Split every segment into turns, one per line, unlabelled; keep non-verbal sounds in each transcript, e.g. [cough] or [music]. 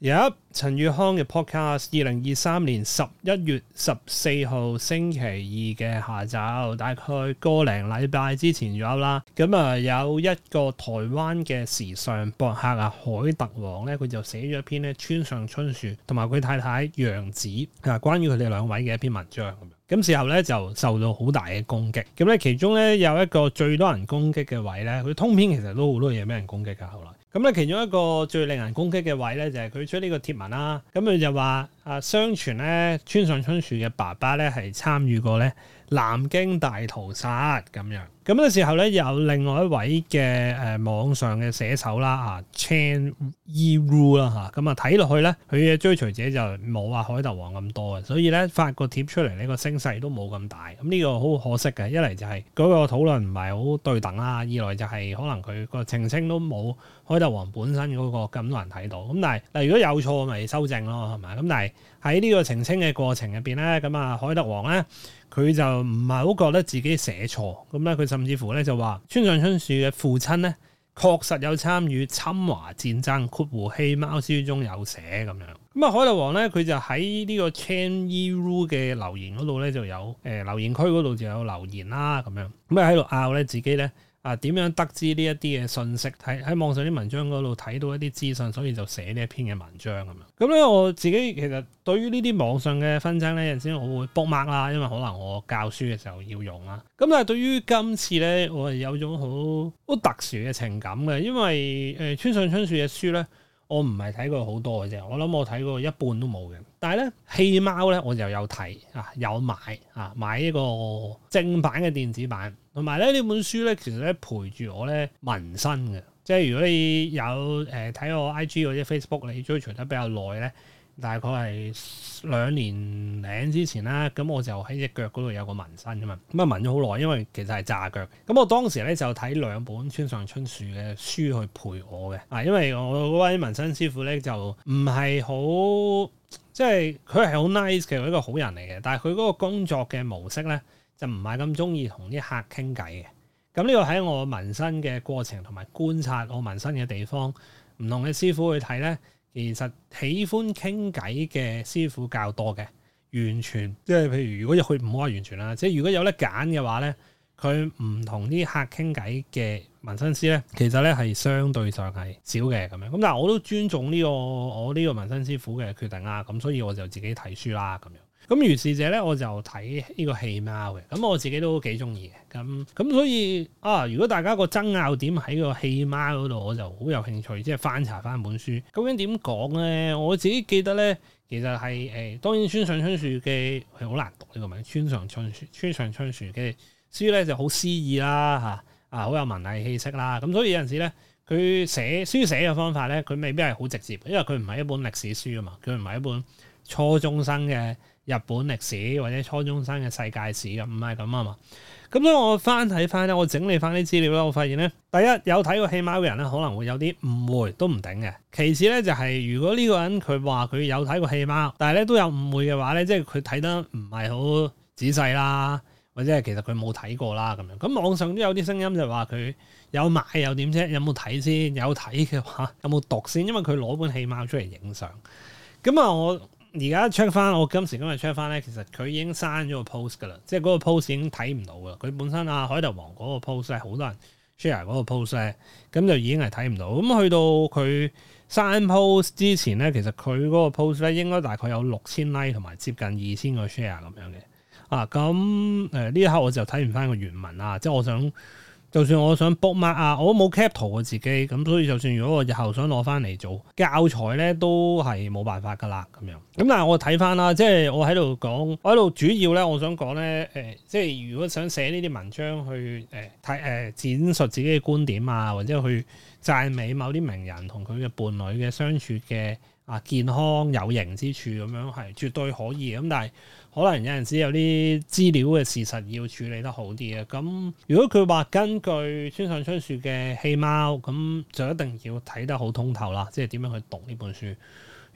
入、yep, 陳宇康嘅 podcast，二零二三年十一月十四號星期二嘅下晝，大概個零禮拜之前咗啦。咁啊，有一個台灣嘅時尚博客啊，凱特王咧，佢就寫咗一篇咧，村上春樹同埋佢太太楊子啊，關於佢哋兩位嘅一篇文章咁樣。咁之後咧就受到好大嘅攻擊。咁咧其中咧有一個最多人攻擊嘅位咧，佢通篇其實都好多嘢俾人攻擊嘅，後來。咁咧，其中一個最令人攻擊嘅位咧，就係佢出呢個貼文啦。咁佢就話啊，相傳咧，村上春樹嘅爸爸咧係參與過咧南京大屠殺咁樣。咁嘅時候咧，有另外一位嘅誒網上嘅寫手啦，啊陳伊如啦嚇，咁啊睇落去咧，佢嘅追隨者就冇阿海盜王咁多嘅，所以咧發個貼出嚟呢個聲勢都冇咁大。咁、這、呢個好可惜嘅，一嚟就係嗰個討論唔係好對等啦，二來就係可能佢個澄清都冇。海德王本身嗰，那個咁難睇到，咁但係，例如如果有錯，咪，就是，修正咯，係咪？咁但係喺呢個澄清嘅過程入邊咧，咁啊，海德王咧，佢就唔係好覺得自己寫錯，咁咧佢甚至乎咧就話，村上春樹嘅父親咧確實有參與侵華戰爭，括弧棄貓書中有寫咁樣。咁啊，海德王咧，佢就喺呢個 Chan Yoo 嘅留言嗰度咧就有誒，呃、留言區嗰度就有留言啦咁樣，咁啊喺度拗咧自己咧。啊，點樣得知呢一啲嘅信息？睇喺網上啲文章嗰度睇到一啲資訊，所以就寫呢一篇嘅文章咁樣。咁、嗯、咧我自己其實對於呢啲網上嘅紛爭咧，有陣時我會卜麥啦，因為可能我教書嘅時候要用啦。咁、嗯、但係對於今次咧，我係有種好好特殊嘅情感嘅，因為誒村、呃、上春樹嘅書咧。我唔係睇過好多嘅啫，我諗我睇過一半都冇嘅。但係咧，戲貓咧我就有睇啊，有買啊，買一個正版嘅電子版。同埋咧呢本書咧，其實咧陪住我咧紋身嘅。即係如果你有誒睇、呃、我 IG 或者 Facebook，你追隨得比較耐咧。大概係兩年零之前啦，咁我就喺隻腳嗰度有個紋身噶嘛，咁啊紋咗好耐，因為其實係炸腳。咁我當時咧就睇兩本村上春樹嘅書去陪我嘅，啊，因為我位紋身師傅咧就唔係好，即係佢係好 nice 嘅一個好人嚟嘅，但係佢嗰個工作嘅模式咧就唔係咁中意同啲客傾偈嘅。咁呢個喺我紋身嘅過程同埋觀察我紋身嘅地方，唔同嘅師傅去睇咧。其實喜歡傾偈嘅師傅較多嘅，完全即係譬如，如果入去唔好話完全啦，即係如果有得揀嘅話咧，佢唔同啲客傾偈嘅紋身師咧，其實咧係相對上係少嘅咁樣。咁但係我都尊重呢個我呢個紋身師傅嘅決定啦，咁所以我就自己睇書啦咁樣。咁如是者咧，我就睇呢個戲貓嘅，咁我自己都幾中意嘅。咁咁所以啊，如果大家個爭拗點喺個戲貓嗰度，我就好有興趣，即係翻查翻本書。究竟點講咧？我自己記得咧，其實係誒、呃，當然《村上春樹》嘅係好難讀呢個名，啊《村上春樹》《村上春樹》嘅書咧就好詩意啦，嚇啊好有文藝氣息啦。咁所以有陣時咧，佢寫書寫嘅方法咧，佢未必係好直接，因為佢唔係一本歷史書啊嘛，佢唔係一本。初中生嘅日本歷史或者初中生嘅世界史咁唔係咁啊嘛，咁所以我翻睇翻咧，我整理翻啲資料咧，我發現咧，第一有睇過戲貓嘅人咧，可能會有啲誤會都唔定嘅。其次咧就係如果呢個人佢話佢有睇過戲貓，但係咧都有誤會嘅話咧，即係佢睇得唔係好仔細啦，或者係其實佢冇睇過啦咁樣。咁網上都有啲聲音就話佢有買又點啫，有冇睇先？有睇嘅話有冇讀先？因為佢攞本戲貓出嚟影相，咁啊我。而家 check 翻我今時今日 check 翻咧，其實佢已經刪咗個 post 噶啦，即係嗰個 post 已經睇唔到啦。佢本身啊，海頭王嗰個 post 咧，好多人 share 嗰個 post 咧，咁就已經係睇唔到。咁、嗯、去到佢刪 post 之前咧，其實佢嗰個 post 咧應該大概有六千 like 同埋接近二千個 share 咁樣嘅。啊，咁誒呢一刻我就睇唔翻個原文啦，即係我想。就算我想卜掹啊，我都冇 capture 我自己，咁所以就算如果我日後想攞翻嚟做教材呢，都係冇辦法噶啦，咁樣。咁但係我睇翻啦，即係我喺度講，我喺度主要呢，我想講呢，誒、呃，即係如果想寫呢啲文章去，誒、呃，睇、呃，誒，闡述自己嘅觀點啊，或者去讚美某啲名人同佢嘅伴侶嘅相處嘅。啊，健康有形之處咁樣係絕對可以咁，但係可能有陣時有啲資料嘅事實要處理得好啲嘅。咁如果佢話根據《村上春樹》嘅《戲貓》，咁就一定要睇得好通透啦，即係點樣去讀呢本書？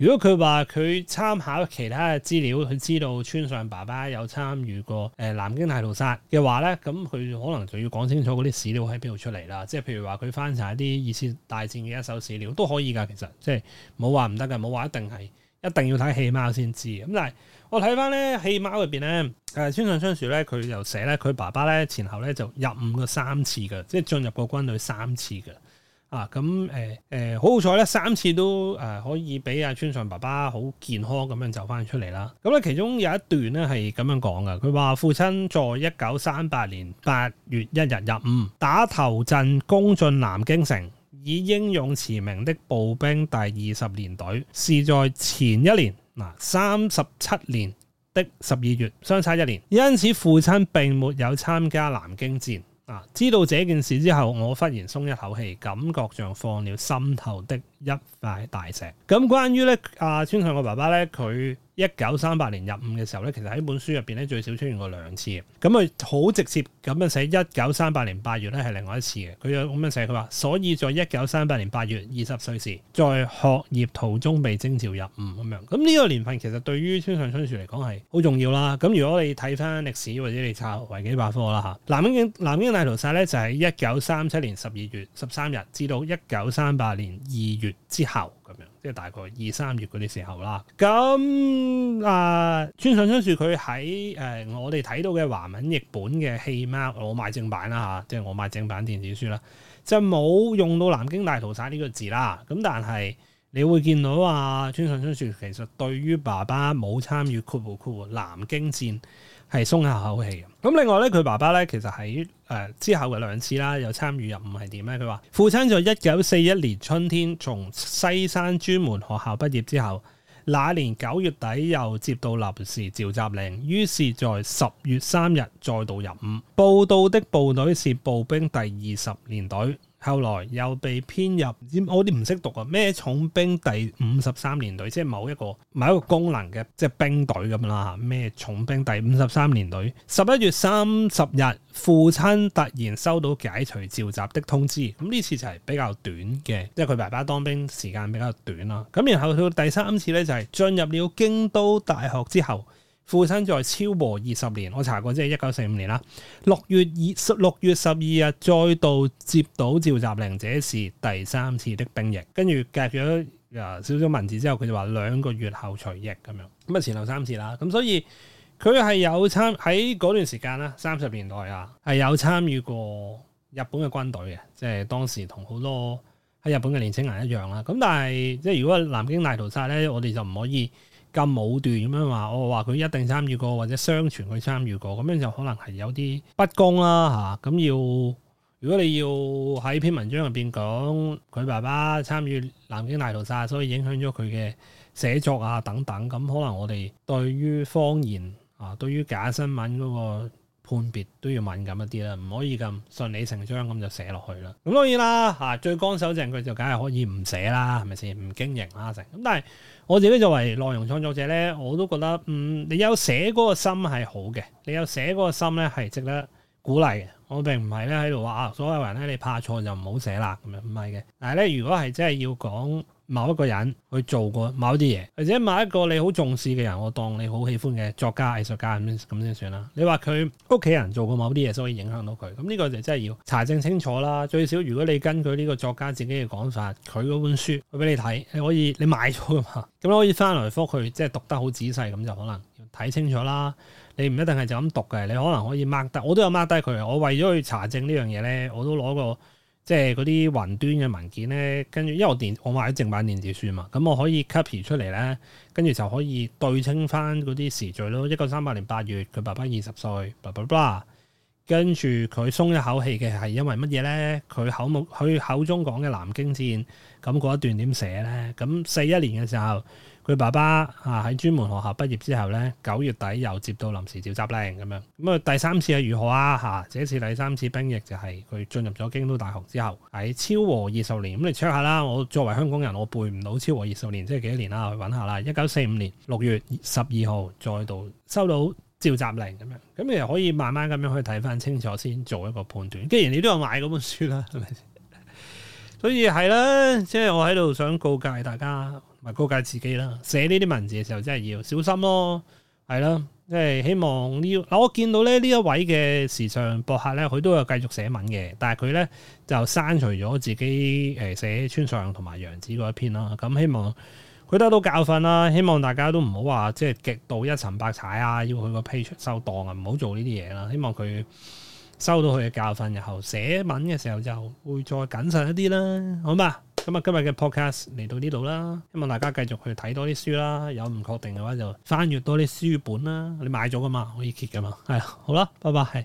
如果佢話佢參考其他嘅資料，佢知道村上爸爸有參與過誒南京大屠殺嘅話咧，咁佢可能就要講清楚嗰啲史料喺邊度出嚟啦。即係譬如話佢翻查啲二次大戰嘅一手史料都可以㗎，其實即係冇話唔得㗎，冇話一定係一定要睇戲貓先知。咁但係我睇翻咧戲貓入邊咧，誒村上春樹咧佢又寫咧佢爸爸咧前後咧就入伍過三次嘅，即係進入過軍隊三次嘅。啊咁誒誒好彩咧，三次都誒可以俾阿村上爸爸好健康咁樣走翻出嚟啦。咁、嗯、咧其中有一段咧係咁樣講嘅，佢話父親在一九三八年八月一日入伍，打頭陣攻進南京城，以英勇馳名的步兵第二十連隊，是在前一年嗱三十七年的十二月，相差一年，因此父親並沒有參加南京戰。知道這件事之後，我忽然鬆一口氣，感覺像放了心頭的。一塊大石。咁關於咧，阿、啊、村上個爸爸咧，佢一九三八年入伍嘅時候咧，其實喺本書入邊咧最少出現過兩次。咁佢好直接咁樣寫，一九三八年八月咧係另外一次嘅。佢有咁樣寫，佢話所以在一九三八年八月二十歲時，在學業途中被徵召入伍咁樣。咁呢個年份其實對於村上春樹嚟講係好重要啦。咁如果你睇翻歷史或者你查維基百科啦嚇，南京南京大屠殺咧就係、是、一九三七年十二月十三日至到一九三八年二月。之後咁樣，即係大概二三月嗰啲時候啦。咁啊，村上春樹佢喺誒我哋睇到嘅華文譯本嘅棄貓，我買正版啦嚇、啊，即係我買正版電子書啦，就冇用到南京大屠殺呢個字啦。咁但係你會見到話、啊，村上春樹其實對於爸爸冇參與酷酷酷南京戰，係鬆下口氣嘅。咁另外咧，佢爸爸咧，其實喺誒、呃、之後嘅兩次啦，又參與入伍係點咧？佢話父親在一九四一年春天從西山專門學校畢業之後，那年九月底又接到臨時召集令，於是，在十月三日再度入伍。報到的部隊是步兵第二十連隊。後來又被編入我啲唔識讀啊咩重兵第五十三連隊，即係某一個某一個功能嘅即係兵隊咁啦嚇。咩重兵第五十三連隊？十一月三十日，父親突然收到解除召集的通知。咁呢次就係比較短嘅，即係佢爸爸當兵時間比較短啦。咁然後到第三次呢，就係進入了京都大學之後。父親在超過二十年，我查過即係一九四五年啦。六月二十六月十二日，再度接到召集令，這是第三次的兵役，跟住夾咗啊少少文字之後，佢就話兩個月後除役咁樣。咁啊，前後三次啦。咁所以佢係有參喺嗰段時間啦，三十年代啊，係有參與過日本嘅軍隊嘅，即係當時同好多喺日本嘅年輕人一樣啦。咁但係即係如果南京大屠殺咧，我哋就唔可以。咁武斷咁樣話，我話佢一定參與過，或者相傳佢參與過，咁樣就可能係有啲不公啦嚇。咁、啊、要如果你要喺篇文章入邊講佢爸爸參與南京大屠殺，所以影響咗佢嘅寫作啊等等，咁可能我哋對於謊言啊，對於假新聞嗰、那個。判別都要敏感一啲啦，唔可以咁順理成章咁就寫落去啦。咁當然啦，啊最乾手淨佢就梗係可以唔寫啦，係咪先？唔經營啦，成咁。但係我自己作為內容創作者咧，我都覺得嗯，你有寫嗰個心係好嘅，你有寫嗰個心咧係值得鼓勵嘅。我並唔係咧喺度話，所有人咧你怕錯就唔好寫啦，咁樣唔係嘅。但係咧，如果係真係要講某一個人去做過某啲嘢，或者某一個你好重視嘅人，我當你好喜歡嘅作家、藝術家咁咁先算啦。你話佢屋企人做過某啲嘢，所以影響到佢，咁呢個就真係要查證清楚啦。最少如果你根據呢個作家自己嘅講法，佢嗰本書，佢俾你睇，你可以你買咗噶嘛，咁可以翻嚟覆去，即係讀得好仔細，咁就可能要睇清楚啦。你唔一定係就咁讀嘅，你可能可以 mark 低，我都有 mark 低佢。我為咗去查證呢樣嘢咧，我都攞個即係嗰啲雲端嘅文件咧，跟住因為我電我買咗正版電子書嘛，咁我可以 copy 出嚟咧，跟住就可以對清翻嗰啲時序咯。一九三八年八月，佢爸爸二十歲，blablabla。跟住佢鬆一口氣嘅係因為乜嘢呢？佢口目佢口中講嘅南京戰咁嗰一段點寫呢？咁四一年嘅時候，佢爸爸啊喺專門學校畢業之後呢，九月底又接到臨時召集令咁樣。咁啊第三次係如何啊？吓，這次第三次兵役就係佢進入咗京都大學之後，喺超和二十年，咁你 check 下啦。我作為香港人，我背唔到超和二十年即係、就是、幾多年啦？我去揾下啦。一九四五年六月十二號再度收到召集令咁樣，咁其實可以慢慢咁樣去睇翻清楚先，做一個判斷。既然你都有買嗰本書啦，係咪？ [laughs] 所以係啦，即係、就是、我喺度想告誡大家，同埋告誡自己啦，寫呢啲文字嘅時候真係要小心咯，係啦。即、就、係、是、希望呢嗱，我見到咧呢一位嘅時尚博客咧，佢都有繼續寫文嘅，但係佢咧就刪除咗自己誒寫村上同埋楊子嗰篇啦。咁希望。佢得到教訓啦，希望大家都唔好話即係極度一沉百踩啊，要去個 page 收檔啊，唔好做呢啲嘢啦。希望佢收到佢嘅教訓，然後寫文嘅時候就會再謹慎一啲啦，好嘛？咁啊，今日嘅 podcast 嚟到呢度啦，希望大家繼續去睇多啲書啦，有唔確定嘅話就翻閱多啲書本啦。你買咗噶嘛，可以揭噶嘛，係啊，好啦，拜拜，係。